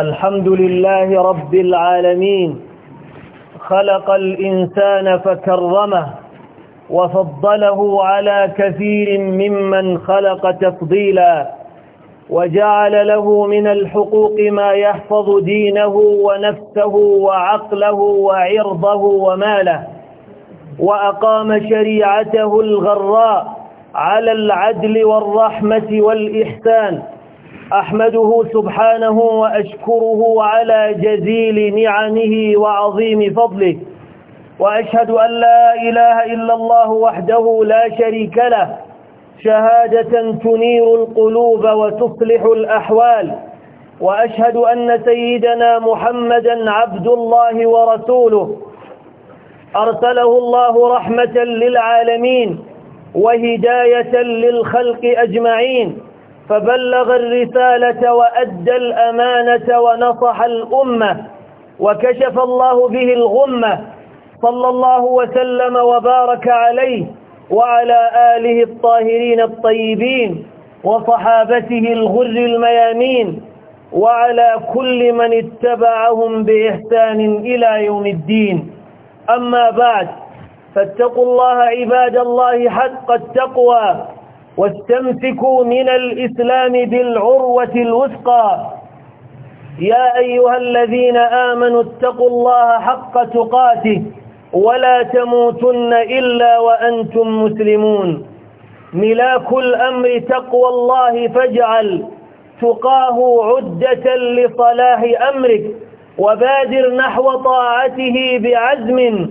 الحمد لله رب العالمين خلق الإنسان فكرمه وفضله على كثير ممن خلق تفضيلا وجعل له من الحقوق ما يحفظ دينه ونفسه وعقله وعرضه وماله وأقام شريعته الغراء على العدل والرحمة والإحسان أحمده سبحانه وأشكره على جزيل نعمه وعظيم فضله وأشهد أن لا إله إلا الله وحده لا شريك له شهادة تنير القلوب وتصلح الأحوال وأشهد أن سيدنا محمدا عبد الله ورسوله أرسله الله رحمة للعالمين وهداية للخلق أجمعين فبلغ الرسالة وأدى الأمانة ونصح الأمة وكشف الله به الغمة صلى الله وسلم وبارك عليه وعلى آله الطاهرين الطيبين وصحابته الغر الميامين وعلى كل من اتبعهم بإحسان إلى يوم الدين أما بعد فاتقوا الله عباد الله حق التقوى واستمسكوا من الإسلام بالعروة الوثقى يا أيها الذين آمنوا اتقوا الله حق تقاته ولا تموتن إلا وأنتم مسلمون ملاك الأمر تقوى الله فاجعل تقاه عدة لصلاح أمرك وبادر نحو طاعته بعزم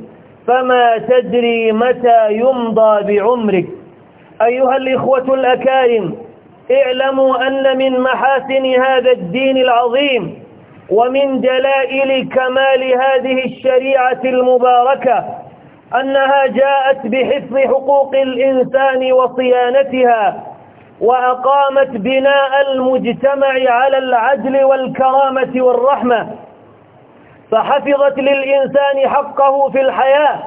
فما تدري متى يمضى بعمرك أيها الإخوة الأكارم اعلموا أن من محاسن هذا الدين العظيم ومن دلائل كمال هذه الشريعة المباركة أنها جاءت بحفظ حقوق الإنسان وصيانتها وأقامت بناء المجتمع على العدل والكرامة والرحمة فحفظت للإنسان حقه في الحياة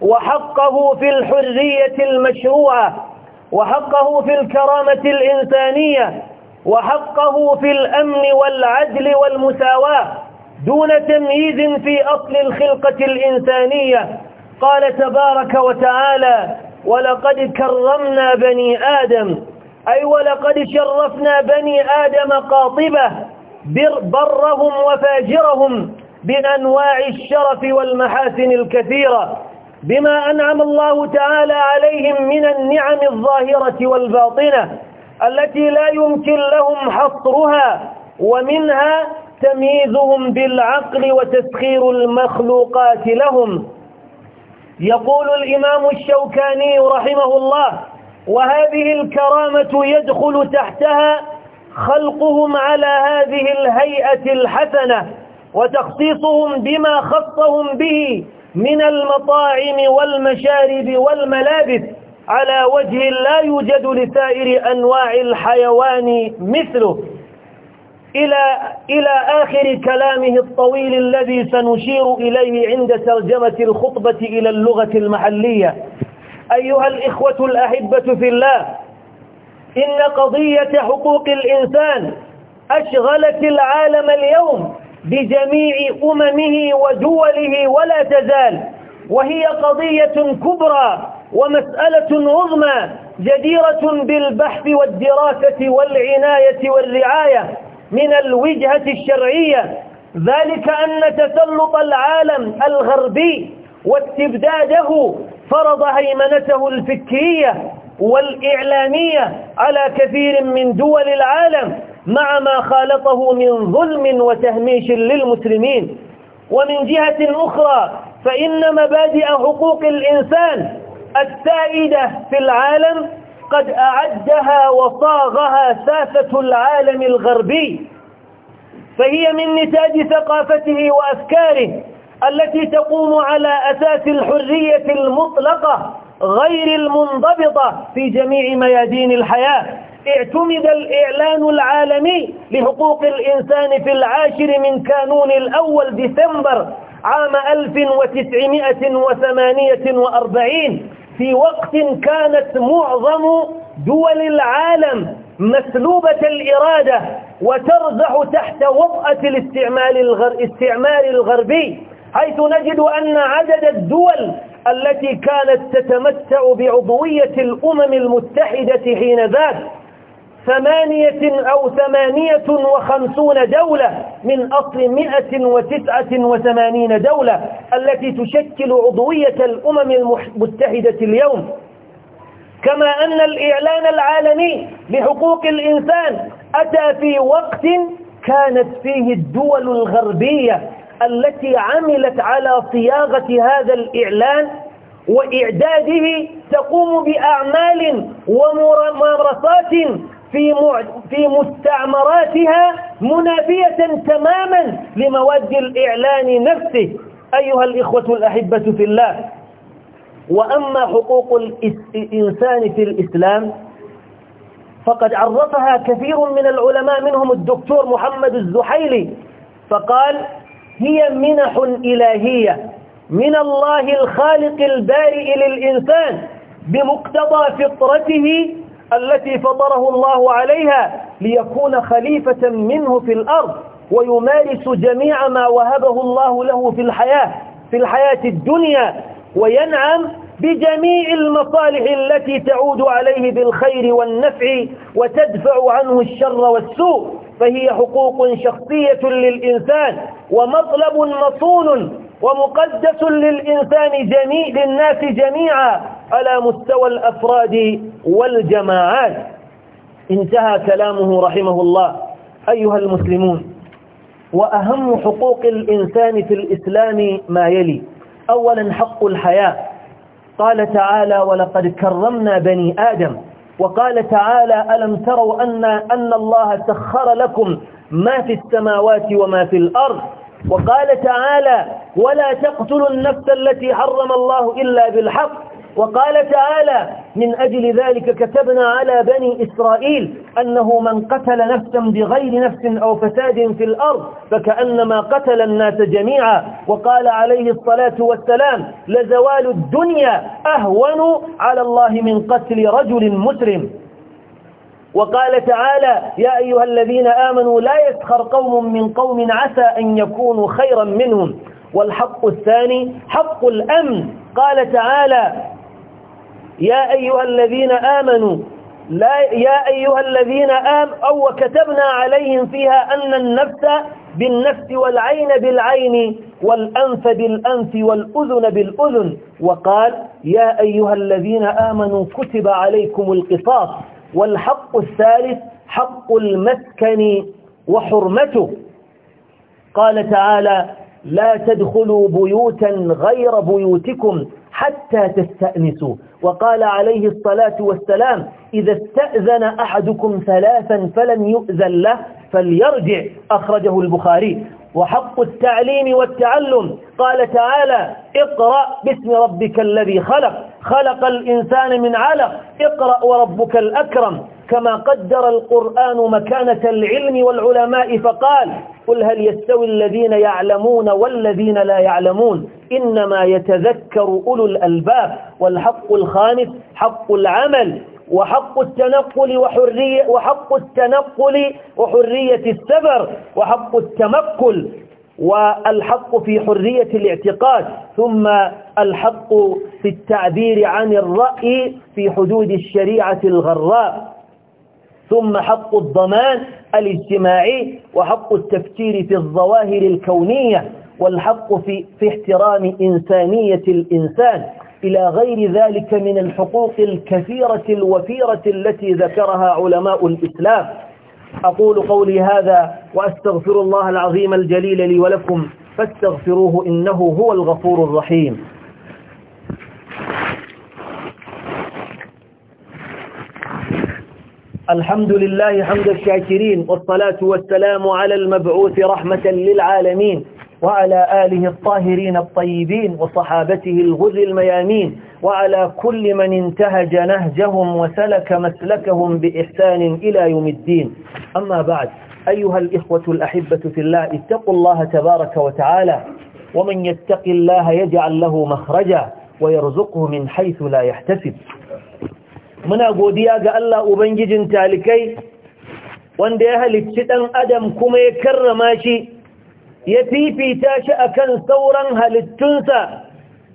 وحقه في الحرية المشروعة وحقه في الكرامة الإنسانية وحقه في الأمن والعدل والمساواة دون تمييز في أصل الخلقة الإنسانية قال تبارك وتعالى ولقد كرمنا بني آدم أي ولقد شرفنا بني آدم قاطبة برهم وفاجرهم بأنواع الشرف والمحاسن الكثيرة بما أنعم الله تعالى عليهم من النعم الظاهرة والباطنة التي لا يمكن لهم حصرها ومنها تمييزهم بالعقل وتسخير المخلوقات لهم يقول الإمام الشوكاني رحمه الله وهذه الكرامة يدخل تحتها خلقهم على هذه الهيئة الحسنة وتخصيصهم بما خصهم به من المطاعم والمشارب والملابس على وجه لا يوجد لسائر أنواع الحيوان مثله إلى, إلى آخر كلامه الطويل الذي سنشير إليه عند ترجمة الخطبة إلى اللغة المحلية أيها الإخوة الأحبة في الله إن قضية حقوق الإنسان أشغلت العالم اليوم بجميع أممه ودوله ولا تزال وهي قضية كبرى ومسألة عظمى جديرة بالبحث والدراسة والعناية والرعاية من الوجهة الشرعية ذلك أن تسلط العالم الغربي واستبداده فرض هيمنته الفكرية والإعلامية على كثير من دول العالم مع ما خالطه من ظلم وتهميش للمسلمين ومن جهة أخرى فإن مبادئ حقوق الإنسان السائدة في العالم قد أعدها وصاغها سافة العالم الغربي فهي من نتاج ثقافته وأفكاره التي تقوم على أساس الحرية المطلقة غير المنضبطة في جميع ميادين الحياة اعتمد الإعلان العالمي لحقوق الإنسان في العاشر من كانون الأول ديسمبر عام 1948 في وقت كانت معظم دول العالم مسلوبة الإرادة وترزح تحت وطأة الاستعمار الغربي حيث نجد أن عدد الدول التي كانت تتمتع بعضوية الأمم المتحدة حين ذاك ثمانية أو ثمانية وخمسون دولة من أصل مئة وتسعة وثمانين دولة التي تشكل عضوية الأمم المتحدة اليوم كما أن الإعلان العالمي لحقوق الإنسان أتى في وقت كانت فيه الدول الغربية التي عملت على صياغة هذا الإعلان وإعداده تقوم بأعمال وممارسات في في مستعمراتها منافية تماما لمواد الإعلان نفسه أيها الإخوة الأحبة في الله وأما حقوق الإنسان في الإسلام فقد عرفها كثير من العلماء منهم الدكتور محمد الزحيلي فقال هي منح إلهية من الله الخالق البارئ للإنسان بمقتضى فطرته التي فطره الله عليها ليكون خليفة منه في الأرض ويمارس جميع ما وهبه الله له في الحياة في الحياة الدنيا وينعم بجميع المصالح التي تعود عليه بالخير والنفع وتدفع عنه الشر والسوء فهي حقوق شخصية للإنسان ومطلب مصون ومقدس للإنسان جميع للناس جميعا على مستوى الأفراد والجماعات انتهى كلامه رحمه الله أيها المسلمون وأهم حقوق الإنسان في الإسلام ما يلي أولا حق الحياة قال تعالى ولقد كرمنا بني آدم وقال تعالى ألم تروا أن, أن الله سخر لكم ما في السماوات وما في الأرض وقال تعالى ولا تقتلوا النفس التي حرم الله إلا بالحق وقال تعالى من أجل ذلك كتبنا على بني إسرائيل أنه من قتل نفسا بغير نفس أو فساد في الأرض فكأنما قتل الناس جميعا وقال عليه الصلاة والسلام لزوال الدنيا أهون على الله من قتل رجل مسلم وقال تعالى يا أيها الذين آمنوا لا يسخر قوم من قوم عسى أن يكونوا خيرا منهم والحق الثاني حق الأمن قال تعالى يا أيها الذين آمنوا لا يا أيها الذين آم أو وكتبنا عليهم فيها أن النفس بالنفس والعين بالعين والأنف بالأنف والأذن بالأذن وقال يا أيها الذين آمنوا كتب عليكم القصاص والحق الثالث حق المسكن وحرمته قال تعالى لا تدخلوا بيوتا غير بيوتكم حتى تستأنسوا وقال عليه الصلاة والسلام إذا استأذن أحدكم ثلاثا فلم يؤذن له فليرجع أخرجه البخاري وحق التعليم والتعلم قال تعالى اقرأ باسم ربك الذي خلق خلق الإنسان من علق اقرأ وربك الأكرم كما قدر القرآن مكانة العلم والعلماء فقال قل هل يستوي الذين يعلمون والذين لا يعلمون إنما يتذكر أولو الألباب والحق الخامس حق العمل وحق التنقل وحرية وحق التنقل وحرية السفر وحق التمكل والحق في حرية الاعتقاد ثم الحق في التعبير عن الرأي في حدود الشريعة الغراء ثم حق الضمان الاجتماعي وحق التفكير في الظواهر الكونية والحق في, في احترام إنسانية الإنسان إلى غير ذلك من الحقوق الكثيرة الوفيرة التي ذكرها علماء الإسلام أقول قولي هذا وأستغفر الله العظيم الجليل لي ولكم فاستغفروه إنه هو الغفور الرحيم الحمد لله حمد الشاكرين والصلاة والسلام على المبعوث رحمة للعالمين وعلى آله الطاهرين الطيبين وصحابته الغر الميامين وعلى كل من انتهج نهجهم وسلك مسلكهم بإحسان إلى يوم الدين أما بعد أيها الإخوة الأحبة في الله اتقوا الله تبارك وتعالى ومن يتق الله يجعل له مخرجا ويرزقه من حيث لا يحتسب من أقول يا Allah ubangijin talikai wanda ya halicci dan adam kuma ya ya fifita shi a kan sauran halittunsa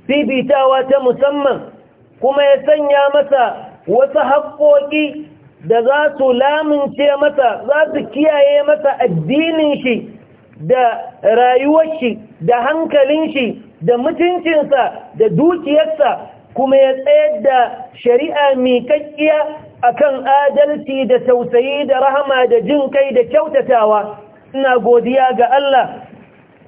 fifitawa ta musamman kuma ya sanya masa wasu haƙƙoƙi da za su lamunce masa za su kiyaye masa addinin shi da rayuwar shi da hankalin shi da mutuncinsa da dukiyarsa kuma ya tsayar da shari'a miƙaƙƙiya a kan adalci da tausayi da rahama da jin kai da kyautatawa ina godiya ga Allah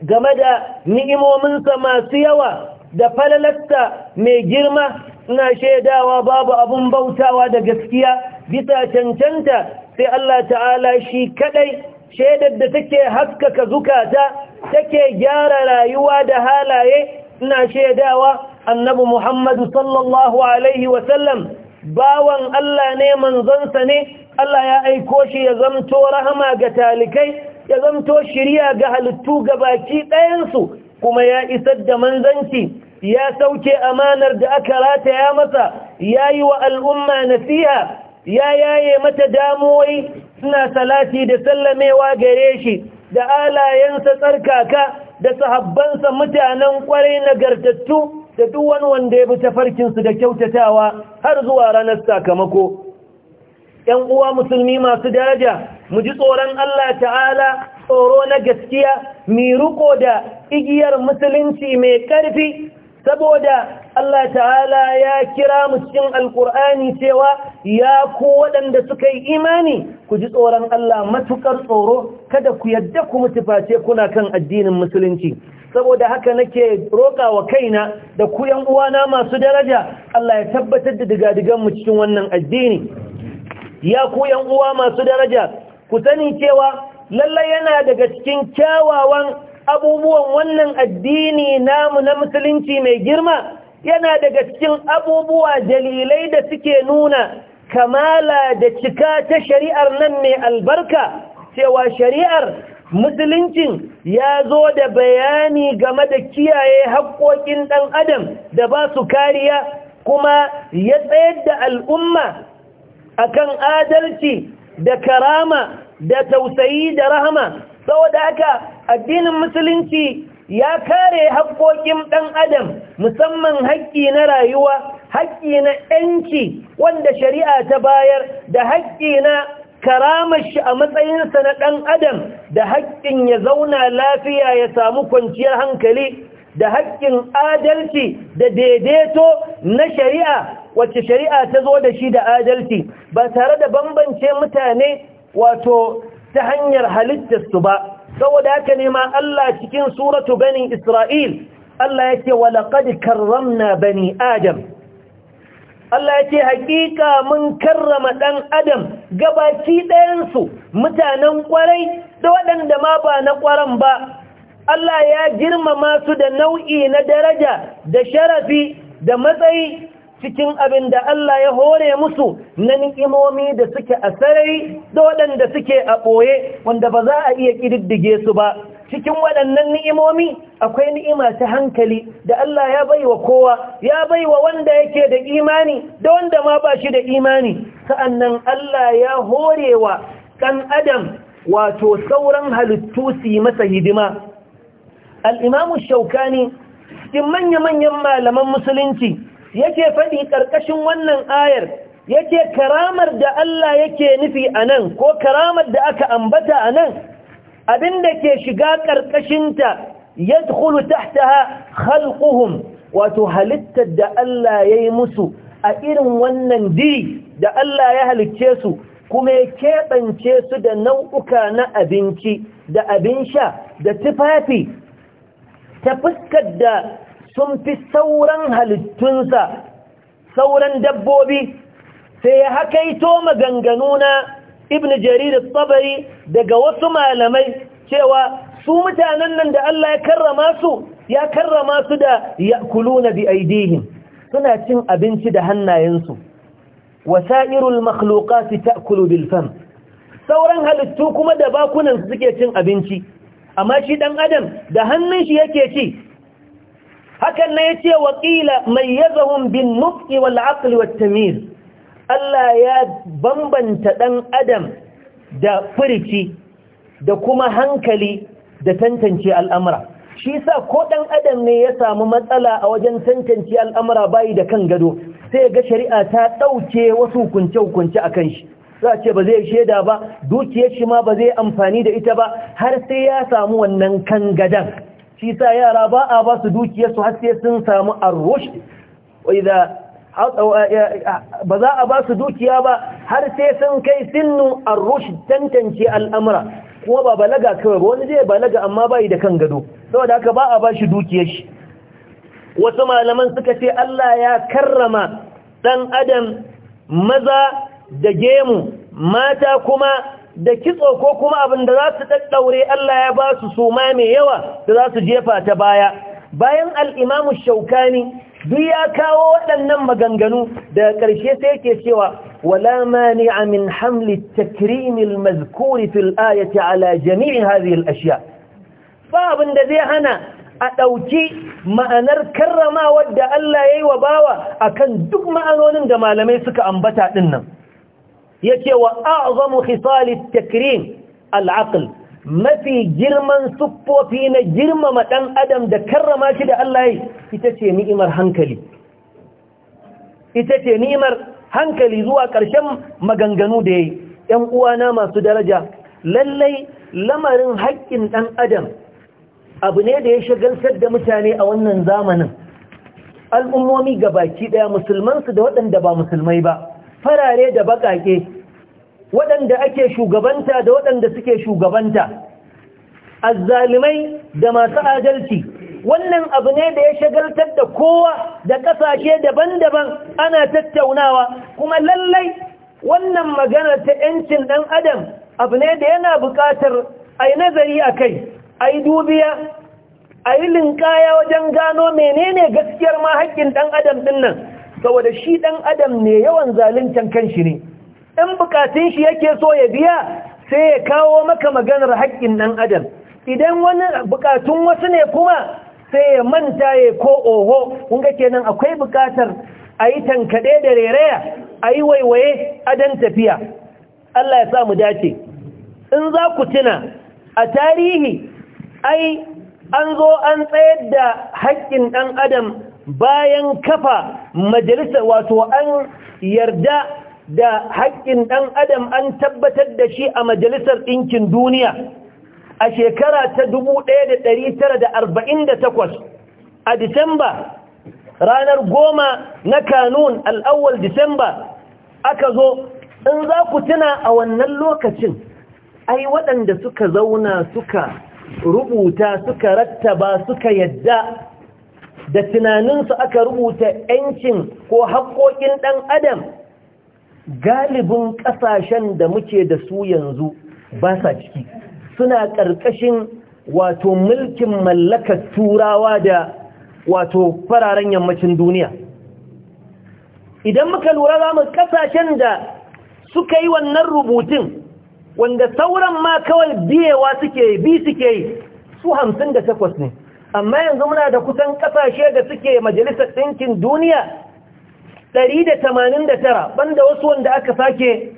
game da ni'imominsa masu yawa da falalarsa mai girma ina shaidawa babu abun bautawa da gaskiya bisa cancanta sai Allah ta'ala shi kadai shaidar da take haskaka zukata take gyara rayuwa da halaye ina shaidawa annabi Muhammad sallallahu alaihi sallam bawan Allah ne manzonsa ne Allah ya aiko shi ya zamto rahama ga talikai ya zanto shirya ga halittu ga baki ɗayansu kuma ya isar da manzanci ya sauke amanar da aka rataya masa ya yi wa al'umma nasiha ya yaye mata damuwai suna salati da sallamewa gare shi da alayensa tsarkaka da sahabbansa mutanen kwarai nagartattu da duk wani wanda ya bi tafarkinsu da kyautatawa har zuwa ranar sakamako ‘yan uwa musulmi masu daraja mu ji tsoron Allah ta'ala tsoro na gaskiya mi riko da igiyar musulunci mai ƙarfi saboda Allah ta'ala ya kira mu cikin alkur'ani cewa ya ku waɗanda suka yi imani ku ji tsoron Allah matuƙar tsoro kada ku yadda ku mutu face kuna kan addinin musulunci saboda haka nake roƙa wa kaina da ku yan uwana masu daraja Allah ya tabbatar da digadigan mu cikin wannan addini ya ku yan uwa masu daraja ku sani cewa lallai yana daga cikin kyawawan abubuwan wannan addini namu na musulunci mai girma yana daga cikin abubuwa dalilai da suke nuna kamala da cika ta shari'ar nan mai albarka cewa shari'ar musuluncin ya zo da bayani game da kiyaye haƙƙoƙin ɗan adam da ba su kariya kuma ya tsayar da al'umma akan adalci da karama da tausayi da rahama saboda haka addinin musulunci ya kare haƙƙoƙin ɗan adam musamman haƙƙi na rayuwa haƙƙi na ‘yanci wanda shari'a ta bayar da haƙƙi na karamar shi a matsayinsa na ɗan adam da haƙƙin ya zauna lafiya ya samu kwanciyar hankali da haƙƙin adalci da daidaito na shari'a wacce shari'a ta zo da shi da adalci ba tare da bambance mutane wato ta hanyar halittarsu ba saboda haka ne ma Allah cikin suratu bani Isra'il Allah yake wa karramna bani Adam Allah ya ce mun karrama ɗan adam gabaci su mutanen ƙwarai da waɗanda ma ba na ƙwaran ba Allah ya girmama su da nau'i na daraja da sharafi da matsayi cikin abin da Allah ya hore musu na ni'imomi da suke a sarari da waɗanda suke a ɓoye wanda ba za a iya ƙididdige su ba cikin waɗannan ni'imomi akwai ni'ima ta hankali da Allah ya bai wa kowa ya bai wa wanda yake da imani da wanda ma ba shi da imani sa'annan Allah ya hore wa ɗan adam wato sauran halittu su yi masa hidima al'imamu shaukani in manya-manyan malaman musulunci yake faɗi ƙarƙashin wannan ayar yake karamar da Allah yake nufi a nan ko karamar da aka ambata a nan abinda ke shiga ƙarƙashinta ya tukulu tahta khalquhum wato halittar da Allah ya yi musu a irin wannan diri da Allah ya halicce su kuma ya keɓance su da nau'uka na abinci da abin sha da tufafi ta fuskar da sun fi sauran halittunsa sauran dabbobi sai ya hakaito maganganu na ibn jarir tabari daga wasu malamai cewa su mutanen nan da Allah ya karrama su ya karrama su da yakuluna bi aidihim suna cin abinci da hannayensu wasairul makhluqat ta'kulu bil fam sauran halittu kuma da bakunan suke cin abinci amma shi ɗan adam da hannun shi yake ci hakan na yace mai man yazhum bin nutqi wa aql wa tamyiz Allah ya bambanta ɗan adam da furici da kuma hankali da tantance al'amura shi sa ko ɗan adam ne ya samu matsala a wajen tantance al'amura bayi da kan gado sai ga shari'a ta ɗauke wasu hukunce-hukunce kan shi za a ce ba zai shaida ba dukiyar shi ma ba zai amfani da ita ba har sai ya samu wannan kangadan shi sa yara ba a ba su dukiyar su har sai sun samu arrush ba za a ba su dukiya ba har sai sun kai sinnu arrush tantance al'amura kuma ba balaga kawai ba wani zai balaga amma bai da kan gado saboda haka ba a ba shi dukiyar shi wasu malaman suka ce Allah ya karrama dan adam maza da gemu mata kuma da kitso ko kuma abin da za su ɗaɗɗaure Allah ya ba su suma mai yawa da za su jefa ta baya bayan al'imamu shaukani duk ya kawo waɗannan maganganu daga ƙarshe sai yake cewa wala a min hamli takrimil mazkuri fil ayati ala jami'in hadhihi ashiya Ba abin da zai hana a ɗauki ma'anar karrama wadda Allah ya yi wa bawa akan duk ma'anonin da malamai suka ambata ɗin nan ce wa a'zamu khisal at-takrim al-aql mafi girman suffofi na girmama dan adam da karrama shi da Allah ita ce ni'imar hankali ita ce ni'imar hankali zuwa ƙarshen maganganu da yayi 'Yan uwana masu daraja lallai lamarin haƙƙin ɗan adam abu ne da ya shagaltar da mutane a wannan zamanin al'ummomi ga baki ɗaya musulmansu da waɗanda ba musulmai ba farare da bakake waɗanda ake shugabanta da waɗanda suke shugabanta azzalimai da masu adalci wannan abu ne da ya shagaltar da kowa da ƙasashe daban-daban ana tattaunawa kuma lallai wannan magana ta 'yancin ɗan adam abu ne da yana buƙatar a yi nazari a kai a yi dubiya a yi linkaya wajen gano menene gaskiyar ma haƙƙin ɗan adam ɗin nan saboda shi ɗan adam ne yawan zaluntan kanshi ne in bukatun shi yake so ya biya sai ya kawo maka maganar haƙƙin ɗan adam idan wani bukatun wasu ne kuma sai ya manta ya ko oho ga kenan akwai bukatar a yi tankaɗe da reraya a yi waiwaye adon tafiya Allah ya sa mu dace in za ku tuna a tarihi ai an zo an tsayar da haƙƙin ɗan adam bayan kafa majalisa wato an yarda da haƙƙin ɗan adam an tabbatar da shi a majalisar ɗinkin duniya a shekara ta 1948 a disamba ranar goma na kanun al'awwal disamba aka zo in za ku tuna a wannan lokacin ai waɗanda suka zauna suka rubuta suka rattaba suka yadda da tunaninsu aka rubuta 'yancin ko haƙoƙin ɗan adam galibin ƙasashen da muke da su yanzu ba sa ciki suna ƙarƙashin wato mulkin mallakar turawa da wato fararen yammacin duniya idan muka lura za mu ƙasashen da suka yi wannan rubutun wanda sauran ma kawai biyewa suke bi suke yi su hamsin da takwas ne amma yanzu muna da kusan kasashe da suke majalisar ɗinkin duniya 189 banda wasu wanda aka sake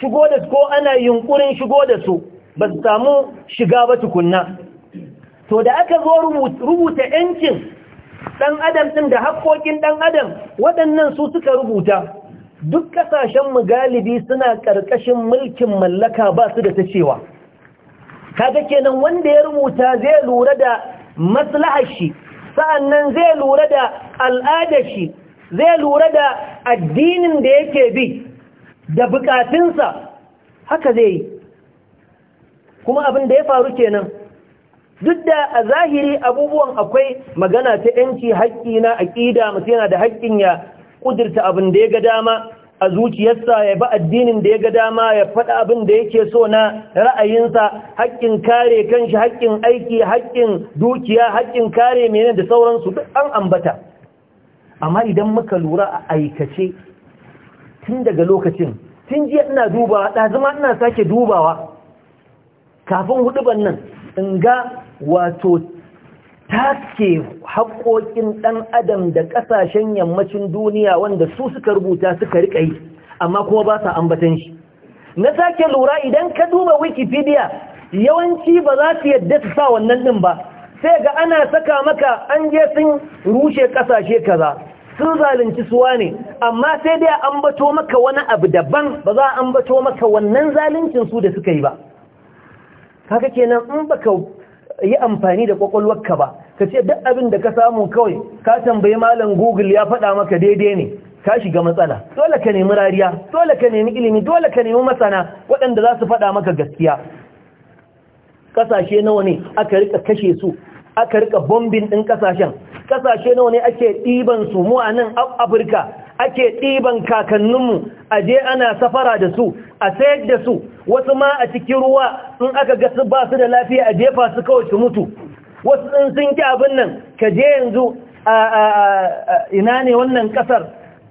shigo da ko ana yunkurin shigo da su ba su samu shiga ba tukunna to da aka zo rubuta yancin ɗan adam ɗin da haƙoƙin ɗan adam waɗannan su suka rubuta duk mu galibi suna ƙarƙashin mulkin mallaka ba su da ta cewa kaga kenan wanda ya rubuta zai lura da maslahar shi sa'annan zai lura da al'adar shi zai lura da addinin da yake bi da bukatunsa haka zai yi kuma abin da ya faru kenan duk da a zahiri abubuwan akwai magana ta yanci haƙƙi na aƙida mutu yana da haƙƙin ya ƙudurta abin da ya ga dama a zuciyarsa ya bi addinin da ya ga dama ya faɗa abin da yake so na ra'ayinsa haƙƙin kare kanshi haƙƙin aiki haƙƙin dukiya haƙƙin kare menene da sauransu duk an ambata amma idan muka lura a aikace tun daga lokacin tun jiya ina dubawa ɗazuma ina sake dubawa kafin huɗuban nan in ga wato take haƙoƙin ɗan adam da ƙasashen yammacin duniya wanda su suka rubuta suka riƙa yi amma kuma ba sa ambatan shi na sake lura idan ka duba wikipedia yawanci ba za su yadda su sa wannan ɗin ba sai ga ana saka maka an je sun rushe ƙasashe kaza sun zalunci suwa ne amma sai dai ambato maka wani abu daban ba za a ambato maka wannan zaluncin su da suka yi ba kaga kenan in baka yi amfani da kwakwalwarka ba ka ce duk abin da ka samu kawai ka tambayi malam google ya faɗa maka daidai ne ka shiga matsala dole ka nemi rariya dole ka nemi ilimi dole ka nemi masana waɗanda za su faɗa maka gaskiya ƙasashe nawa ne aka rika kashe su aka rika bombin ɗin ƙasashen ƙasashe nawa ne ake ɗiban su mu a nan afirka ake ɗiban kakanninmu a je ana safara da su a sayar da su wasu ma a cikin ruwa in aka ga su ba su da lafiya a jefa su kawai su mutu wasu in sun ki abin nan ka je yanzu a ina ne wannan kasar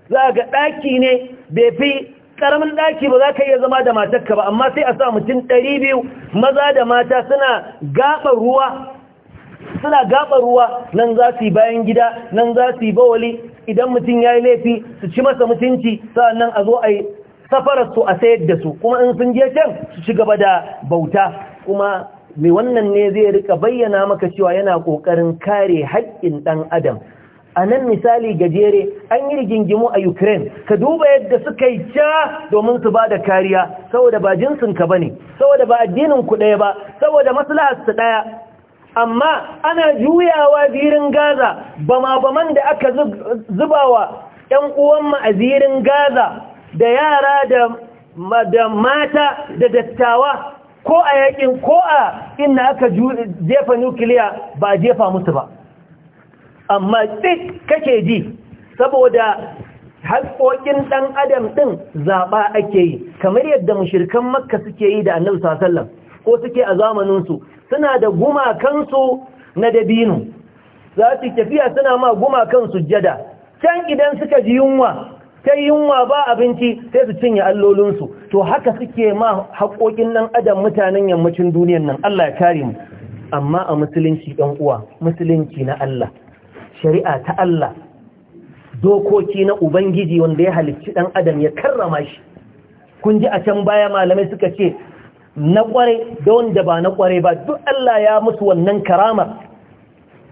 za ga daki ne bai fi karamin daki ba za ka iya zama da matarka ba amma sai a sa mutum ɗari biyu maza da mata suna gaba ruwa suna gaba ruwa nan za su yi bayan gida nan za su yi bawali idan mutum ya yi laifi su ci masa mutunci sa'annan a zo a yi su a sayar da su kuma in sun je can su ci gaba da bauta kuma mai wannan ne zai rika bayyana maka cewa yana ƙoƙarin kare haƙƙin ɗan adam a nan misali gajere an yi rigingimu a ukraine ka duba yadda suka yi ca domin su ba da kariya saboda ba ka ba ne saboda ba addinin ku ɗaya ba saboda su ɗaya amma ana juyawa zirin gaza bama baman da aka zubawa ‘yan uwan ma'azirin gaza da yara da mata da dattawa ko a yakin ko a inda aka jefa nukiliya ba jefa musu ba amma duk kake ji saboda haƙoƙin ɗan adam ɗin zaɓa ake yi kamar yadda mashirkan makka suke yi da annabi sasallam ko suke a zamaninsu suna da gumakansu na dabinu. za su tafiya suna ma gumakansu jada can idan suka ji yunwa ta yunwa ba abinci sai su cinye allolinsu to haka suke ma haƙoƙin nan adam mutanen yammacin duniyan nan Allah ya kare mu amma a musulunci ɗan uwa musulunci na Allah shari'a ta Allah dokoki na ubangiji wanda ya halicci ɗan adam ya karrama shi kun ji a can baya malamai suka ce na ƙware da wanda ba na ƙware ba duk Allah ya musu wannan karamar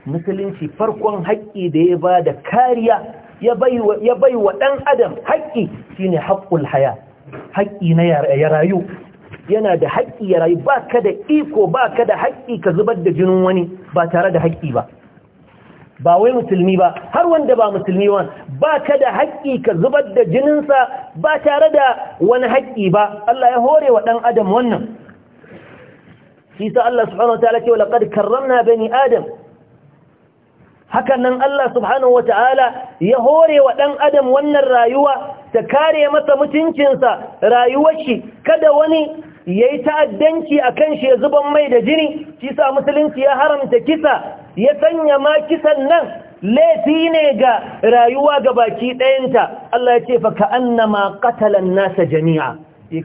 musulunci farkon haƙƙi da ya ba da kariya ya bai wa ɗan adam haƙƙi shine haƙƙul haya haƙƙi na ya rayu yana da haƙƙi ya rayu ba ka da iko ba ka da haƙƙi ka zubar da jinin wani ba tare da haƙƙi ba ba wai musulmi ba har wanda ba musulmi ba ba ka da haƙƙi ka zubar da jininsa ba tare da wani haƙƙi ba Allah ya hore wa ɗan adam wannan shi sa Allah subhanahu wa ta'ala ce wa laqad karramna bani adam hakan nan Allah subhanahu wa ta'ala ya hore wa ɗan adam wannan rayuwa ta kare masa mutuncinsa rayuwar shi kada wani ya yi ta'addanci a kan shi ya zuban mai da jini shi sa musulunci ya haramta kisa ya sanya ma kisan nan laifi ne ga rayuwa ga baki ɗayanta Allah ya ce fa ka'annama qatalan nasa jami'a ya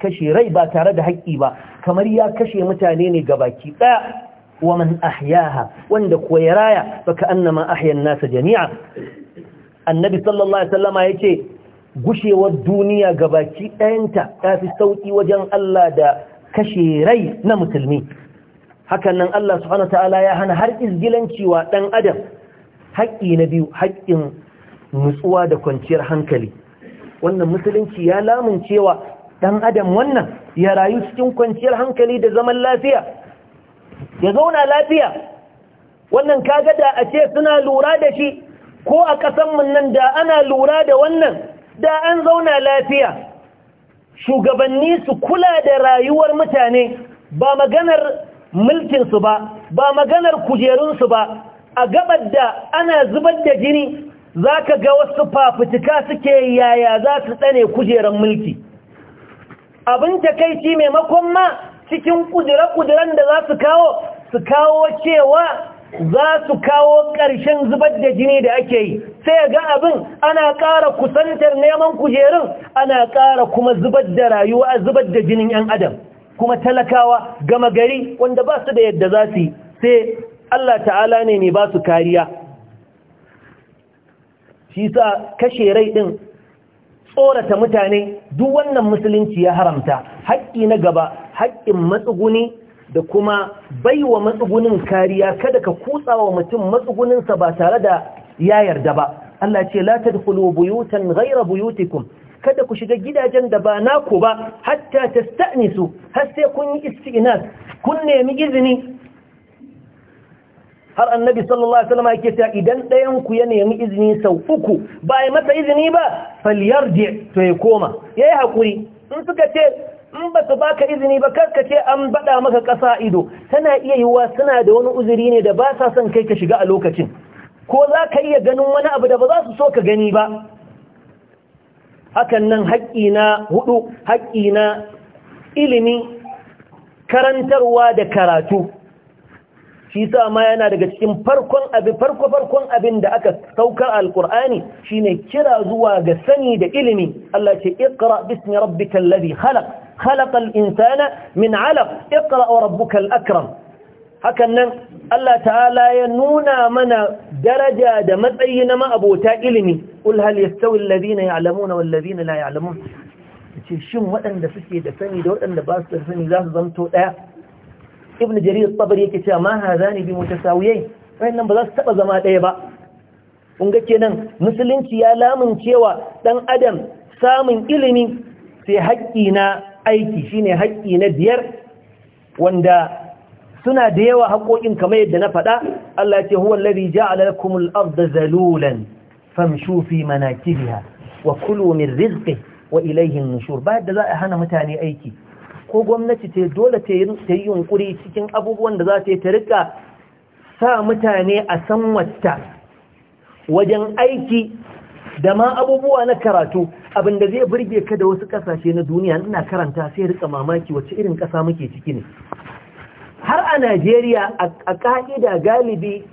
kashe rai ba tare da haƙƙi ba kamar ya kashe mutane ne ga baki ɗaya ومن أحياها وندك ويرايا فكأنما أحيا الناس جميعا النبي صلى الله عليه وسلم يتي gushewar duniya gabaki ɗayanta ta fi sauƙi wajen Allah da kashe rai na musulmi hakan nan Allah subhanahu ya hana har izgilanci wa ɗan adam haƙƙi na biyu haƙƙin nutsuwa da kwanciyar hankali wannan musulunci ya lamuncewa ɗan adam wannan ya rayu cikin kwanciyar hankali da zaman lafiya ya zauna lafiya wannan kaga da a ce suna lura da shi ko a ƙasanmu nan da ana lura da wannan da an zauna lafiya shugabanni su kula da rayuwar mutane ba maganar mulkinsu ba ba maganar kujerunsu ba a gabar da ana zubar da jini za ka ga wasu fafutuka suke yaya za su tsane kujerar mulki abin takaici maimakon ma cikin kudura-kuduran da za su kawo su kawo cewa za su kawo ƙarshen zubar da jini da ake yi sai ga abin ana ƙara kusantar neman kujerun ana ƙara kuma zubar da rayuwa zubar da jinin 'yan adam kuma talakawa gama gari wanda ba su da yadda za su yi sai Allah ta'ala ne ne ba su kariya shi sa kashe rai ɗin tsorata mutane duk wannan musulunci ya haramta haƙƙi na gaba haƙƙin matsuguni da kuma baiwa matsugunin kariya kada ka kutsawa mutum matsuguninsa ba tare da ya yarda ba Allah ce la tadkhulu buyutan ghayra buyutikum kada ku shiga gidajen da ba naku ba hatta tasta'nisu har sai kun yi istinas kun nemi izini har annabi sallallahu alaihi wasallam yake cewa idan ɗayan ku ya nemi izini sau uku ba ya masa izini ba falyarji to ya koma yayi hakuri in suka ce in ba su baka izini ba kar ka ce an bada maka ƙasa ido tana iya yiwuwa suna da wani uzuri ne da ba sa son kai ka shiga a lokacin ko za ka iya ganin wani abu da ba za su so ka gani ba hakan nan haƙƙi na hudu haƙƙi na ilimi karantarwa da karatu shi sa ma yana daga cikin farkon abin farko farkon abin da aka saukar alqur'ani shine kira zuwa ga sani da ilimi Allah ce iqra bismi rabbikal ladhi khalaq insana min 'alaq iqra wa rabbukal akram hakan nan Allah ta'ala ya nuna mana daraja da matsayi na ma'abota ilimi qul hal yastawi alladhina ya'lamuna wal ladhina la ya'lamun ce shin waɗanda suke da sani da waɗanda ba su da sani za su zamto ɗaya ibn jarir tabari yake cewa ma hazani bi mutasawiyai wayannan ba za su taba zama ɗaya ba kun ga kenan musulunci ya lamuncewa dan adam samun ilimi sai haƙƙi na aiki shine haƙƙi na biyar wanda suna da yawa haƙoƙin kamar yadda na faɗa Allah ce huwa alladhi ja'ala lakum al-ardha zalulan famshu fi manakibiha wa kulu min rizqihi wa ilayhi an-nushur ba da za a hana mutane aiki ko gwamnati ta dole ta yi yunkuri cikin abubuwan da za ta yi ta rika sa mutane a san wata wajen aiki da ma abubuwa na karatu abinda zai burge ka da wasu kasashe na duniya ina karanta sai rika mamaki wacce irin kasa muke ciki ne har a Najeriya a ka'ida galibi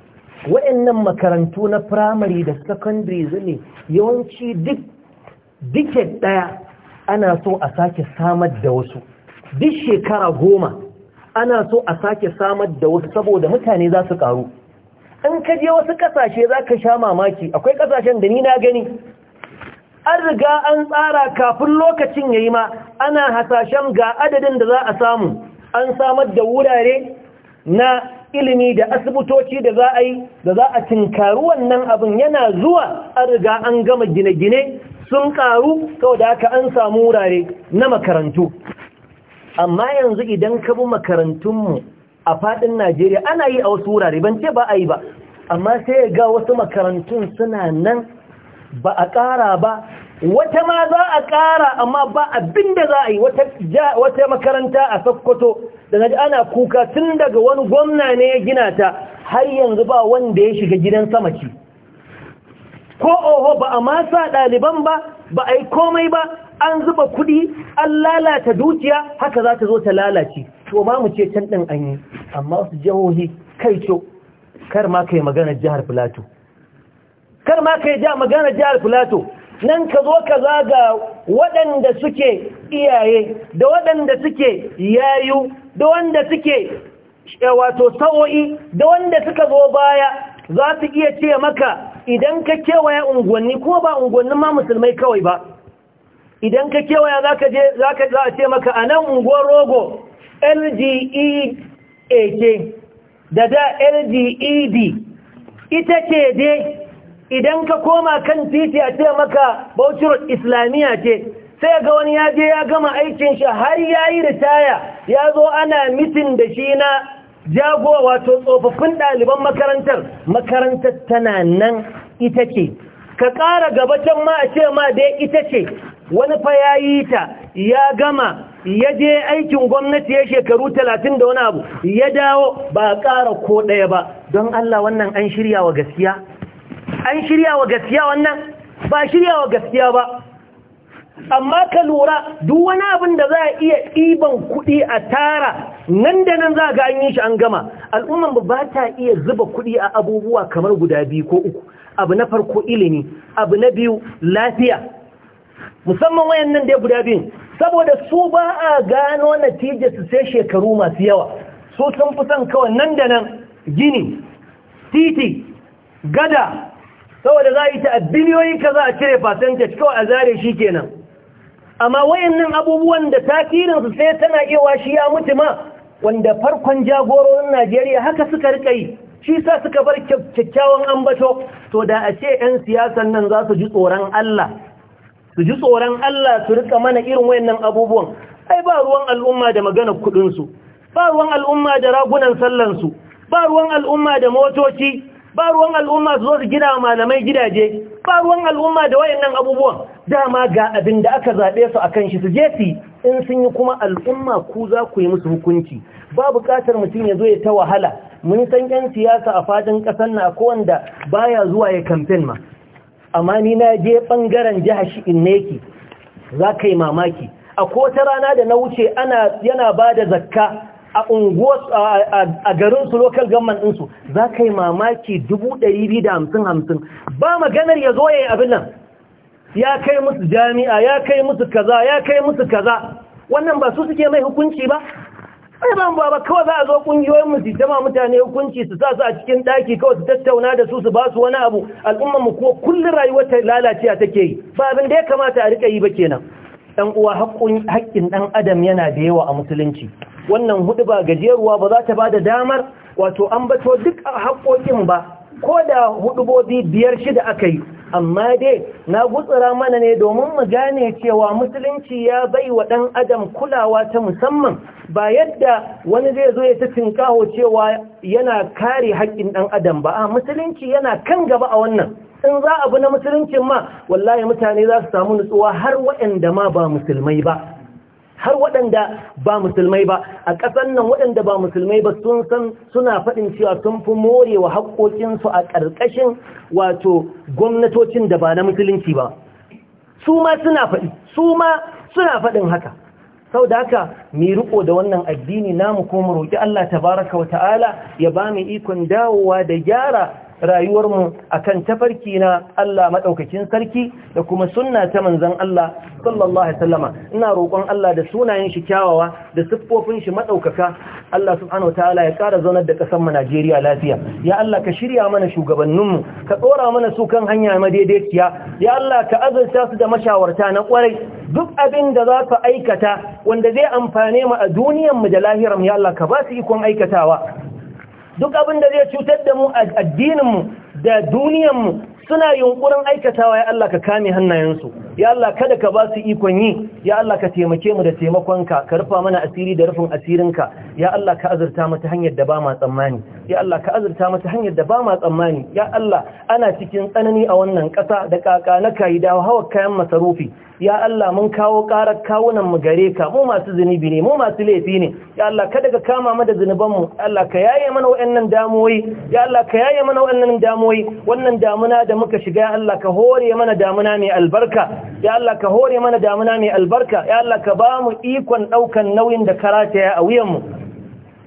waɗannan makarantu na firamare da secondary ne yawanci duk diket ɗaya ana so a sake samar da wasu duk shekara goma ana so a sake samar da wasu saboda mutane za su karu in ka je wasu kasashe za ka sha mamaki akwai kasashen da ni na gani an riga an tsara kafin lokacin ya yi ma ana hasashen ga adadin da za a samu an samar da wurare na ilimi da asibitoci da za a yi da za a tinkaru wannan abin yana zuwa an riga an gama gine-gine sun karu kawai da haka an samu wurare na makarantu amma yanzu idan ka bi makarantunmu a fadin Najeriya ana yi a wasu wurare ban ce ba a yi ba amma sai ya ga wasu makarantun suna nan ba a ƙara ba wata ma za a ƙara amma ba abin da za a yi wata makaranta a Sokoto da na ana kuka tun daga wani gwamna ne ya gina ta har yanzu ba wanda ya shiga gidan sama ce ko oho ba a masa ɗaliban ba ba a yi komai ba an zuba kuɗi an lalata dukiya haka za ta zo ta lalace to ma mu ce can ɗin an yi amma wasu jihohi kai co kar ma ka yi maganar jihar filato kar ma ka ja maganar jihar filato nan ka zo ka zaga waɗanda suke iyaye da waɗanda suke yayu da wanda suke eh, wato sa'o'i da wanda suka zo baya za su iya ce maka idan ka kewaye unguwanni ko ba unguwannin ma musulmai kawai ba idan ka kewaya za ka je za a ce maka a nan unguwar rogo lgeak da da lged ita ce dai idan ka koma kan titi a ce maka bauchirut islamiyya ce sai ga wani ya je ya gama aikin shi har ya yi ritaya ya zo ana mitin da shi na jagowa wato tsofaffin ɗaliban makarantar makarantar tana nan ita ce ka ƙara gaba can ma a ce ma dai ita ce wani fa ya yi ta ya gama ya je aikin gwamnati ya shekaru talatin da wani abu ya dawo ba ƙara ko ɗaya ba don Allah wannan an shirya wa gaskiya an shirya wa gaskiya wannan ba shirya wa gaskiya ba amma ka lura duk wani abin da za a iya ɗiban kuɗi a tara nan da nan za a ga an yi shi an gama al'umman ba ta iya zuba kuɗi a abubuwa kamar guda biyu ko uku abu na farko ilimi abu na biyu lafiya musamman wayannan da guda biyun saboda su ba a gano su sai shekaru masu yawa su sun fi son kawai nan da nan gini titi gada saboda za a yi ta biliyoyi ka za a cire percentage kawai a zare shi kenan amma wayannan abubuwan da tasirinsu sai tana iya shi ya mutu ma wanda farkon jagororin najeriya haka suka rika yi shi sa suka bar kyakkyawan ambato to da a ce 'yan siyasan nan za su ji tsoron allah su ji tsoron Allah su rika mana irin wayannan abubuwan ai ba ruwan al'umma da maganar kudin su ba ruwan al'umma da ragunan sallan su ba ruwan al'umma da motoci ba ruwan al'umma su zo su gina malamai gidaje ba ruwan al'umma da wayannan abubuwan dama ga abin da aka zaɓe su akan shi su je su in sun yi kuma al'umma ku za ku yi musu hukunci ba buƙatar mutum ya zo ya ta wahala mun san 'yan siyasa a fadin ƙasar na ko wanda baya zuwa ya kamfen ma amma ni na je bangaren shi in yake za ka yi mamaki a kota rana da na wuce yana ba da zakka a a garinsu local gamman ɗinsu za ka yi mamaki 250,000 ba maganar ya zo ya yi abin nan ya kai musu jami'a ya kai musu kaza ya kai musu kaza wannan ba su suke mai hukunci ba ai ban baba kawai za a zo kungiyoyin mu su jama mutane hukunci su sa su a cikin daki kawai su tattauna da su su ba su wani abu al'ummar mu ko kullun rayuwar ta lalacewa take yi ba abin da ya kamata a rika yi ba kenan dan uwa haƙƙin dan adam yana da yawa a musulunci wannan hudu ba gajeruwa ba za ta ba da damar wato an bato duk haƙƙoƙin ba ko da hudubobi biyar shida aka yi amma dai na gutsura mana ne domin mu gane cewa musulunci ya bai wa ɗan adam kulawa ta musamman ba yadda wani zai zo ya ta kawo cewa yana kare haƙƙin ɗan adam ba a musulunci yana kan gaba a wannan in za abu na musuluncin ma wallahi mutane za su samu nutsuwa har waɗanda ma ba musulmai ba har waɗanda ba musulmai ba a ƙasar nan waɗanda ba musulmai ba sun san suna faɗin cewa sun fi morewa haƙoƙinsu a ƙarƙashin wato gwamnatocin da ba na musulunci ba su ma suna faɗi su ma suna faɗin haka sau da haka mai riko da wannan addini namu kuma roƙi Allah tabaraka wa ta'ala ya ba mu ikon dawowa da gyara rayuwarmu kan tafarki na Allah maɗaukakin sarki da kuma sunna ta manzon Allah sallallahu alaihi ina roƙon Allah da sunayen shi kyawawa da siffofin shi maɗaukaka. Allah subhanahu wataala ya ƙara zaunar da ƙasar mu Najeriya lafiya ya Allah ka shirya mana shugabanninmu ka tsora mana su kan hanya madaidaiciya ya Allah ka azurta su da mashawarta na kwarai duk abin da za su aikata wanda zai amfane mu a duniyar mu da lahirar ya Allah ka ba su ikon aikatawa duk abin da zai cutar da mu a addininmu da duniyanmu suna yunkurin aikatawa ya Allah ka kame hannayensu ya Allah kada ka ba su ikon yi ya Allah ka taimake mu da taimakonka ka rufa mana asiri da rufin asirinka ya Allah ka azurta mata hanyar da ba ma tsammani ya Allah ka azurta mata hanyar da ba ma tsammani ya Allah ana cikin tsanani a wannan ƙasa da kaka na kayi da hawa kayan masarufi ya Allah mun kawo ƙarar kawunan mu gare ka mu masu zunubi ne mu masu laifi ne ya Allah kada ka kama mu da zunuban mu Allah ka yaye mana wayannan damuwoyi ya Allah ka yaye mana wayannan damuwoyi wannan damuna da muka shiga ya Allah ka hore mana damuna mai albarka ya Allah ka hore mana damuna mai albarka ya Allah ka ba mu ikon ɗaukan nauyin da karata ya a mu.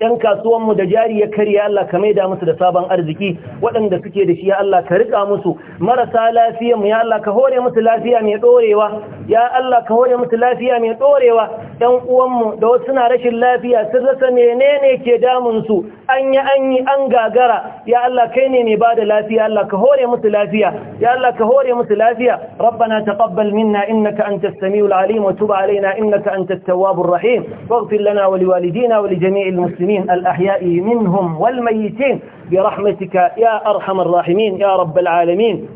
ɗan kasuwanmu da jari ya karya Allah ka maida musu da sabon arziki waɗanda suke da shi ya Allah ka riƙa musu marasa lafiyanmu ya Allah ka hore musu lafiya mai ɗorewa ya Allah ka hore musu lafiya mai ɗorewa ɗan uwanmu da wasu suna rashin lafiya sun rasa menene ke damunsu an yi an yi an gagara ya Allah kai ne mai bada lafiya Allah ka hore musu lafiya ya Allah ka hore musu lafiya rabbana taqabbal minna innaka antas samiul alim wa tub alaina innaka antat tawwabur rahim waghfir lana wa liwalidina wa li jami'il muslimin المسلمين الأحياء منهم والميتين برحمتك يا أرحم الراحمين يا رب العالمين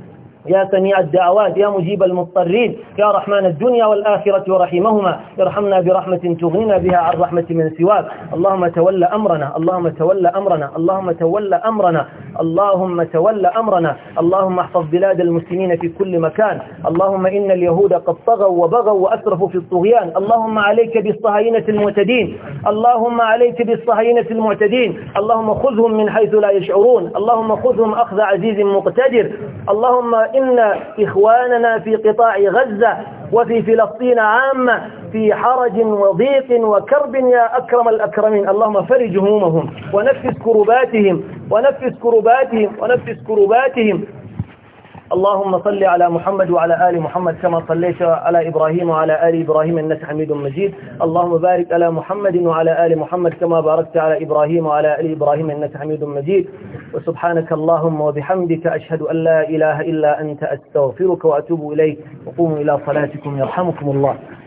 يا سميع الدعوات يا مجيب المضطرين يا رحمن الدنيا والآخرة ورحمهما ارحمنا برحمة تغنينا بها عن رحمة من سواك اللهم تولى أمرنا اللهم تولى أمرنا اللهم تولى أمرنا اللهم تول أمرنا اللهم احفظ بلاد المسلمين في كل مكان اللهم إن اليهود قد طغوا وبغوا وأسرفوا في الطغيان اللهم عليك بالصهاينة المعتدين اللهم عليك بالصهاينة المعتدين اللهم خذهم من حيث لا يشعرون اللهم خذهم أخذ عزيز مقتدر اللهم إن إخواننا في قطاع غزة وفي فلسطين عامة في حرج وضيق وكرب يا أكرم الأكرمين اللهم فرج همومهم ونفس كرباتهم ونفس كرباتهم ونفس كرباتهم اللهم صل على محمد وعلى آل محمد كما صليت على إبراهيم وعلى آل إبراهيم إنك حميد مجيد اللهم بارك على محمد وعلى آل محمد كما باركت على إبراهيم وعلى آل إبراهيم إنك حميد مجيد وسبحانك اللهم وبحمدك أشهد أن لا إله إلا أنت أستغفرك وأتوب إليك وقوموا إلى صلاتكم يرحمكم الله